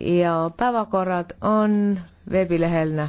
ja päevakorrad on veebilehel näha.